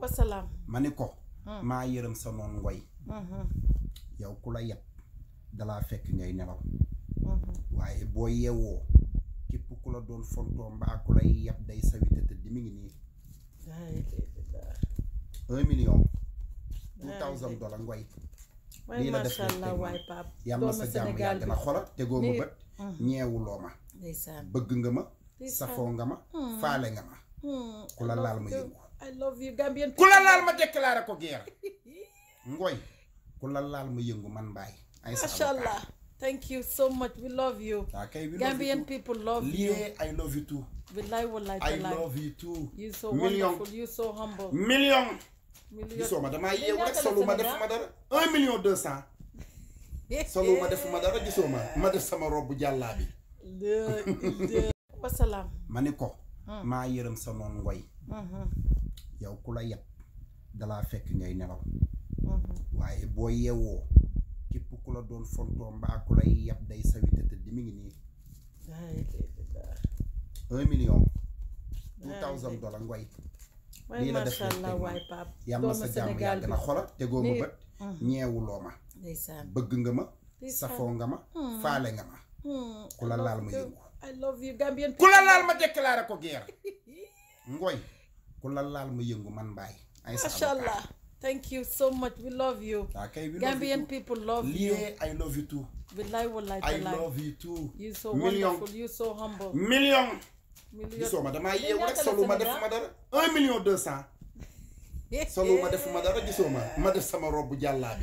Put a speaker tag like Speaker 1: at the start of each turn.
Speaker 1: wasalaam ma ni ko hmm. maa
Speaker 2: yërëm sa noon ngoy yow ku la yeb dalaa fekk ngay nelaw waaye boo yeewoo képp ku la doon fontoo mbaa ku lay yeb day sawi te tëdd mi ngi nii un million two thousand dollar ngoy lii la def waay
Speaker 1: pap yàlla sa jàmm yàgg na xola tegoo ma bët hmm.
Speaker 2: ñeewuloo ma bëgg nga ma safoo nga ma hmm. faale nga ma
Speaker 1: ku la laal ma yëngu I love ko guerre.
Speaker 2: la laal yëngu man mbaay.
Speaker 1: ay sa macha allah ah, million. million gisoo ma damaa yeewu rek solo ma def ma
Speaker 3: dara un million deux
Speaker 1: gisoo
Speaker 2: ma ma def sama robu jàllaa bi. wasalaam ma ni ko. Hmm. maa yërëm sa noon ngoy hmm. yow ku la yab dalaa fekk ngay nelaw hmm. waaye boo yeewoo képp ku la doon fontoo mbaa ku lay yab day sawita te di mi ngi nii un million two thousand dollar ngoy
Speaker 1: lii la def yàlla sa jàmm yàgg na xola
Speaker 2: tegoo ma bëgg nga ma safoo nga ma faale nga ma
Speaker 1: ku la laal ma yëngu I love you Gambian. ku la laal ma déclaré
Speaker 2: la laal yëngu man mbaay. ay
Speaker 1: so much we love you. ah kay so million. gisoo ma damaa yeewu rek solo ma def ma
Speaker 3: dara un million deux cent.
Speaker 1: solo ma def ma dara gisoo
Speaker 3: ma ma def sama robu jàllaa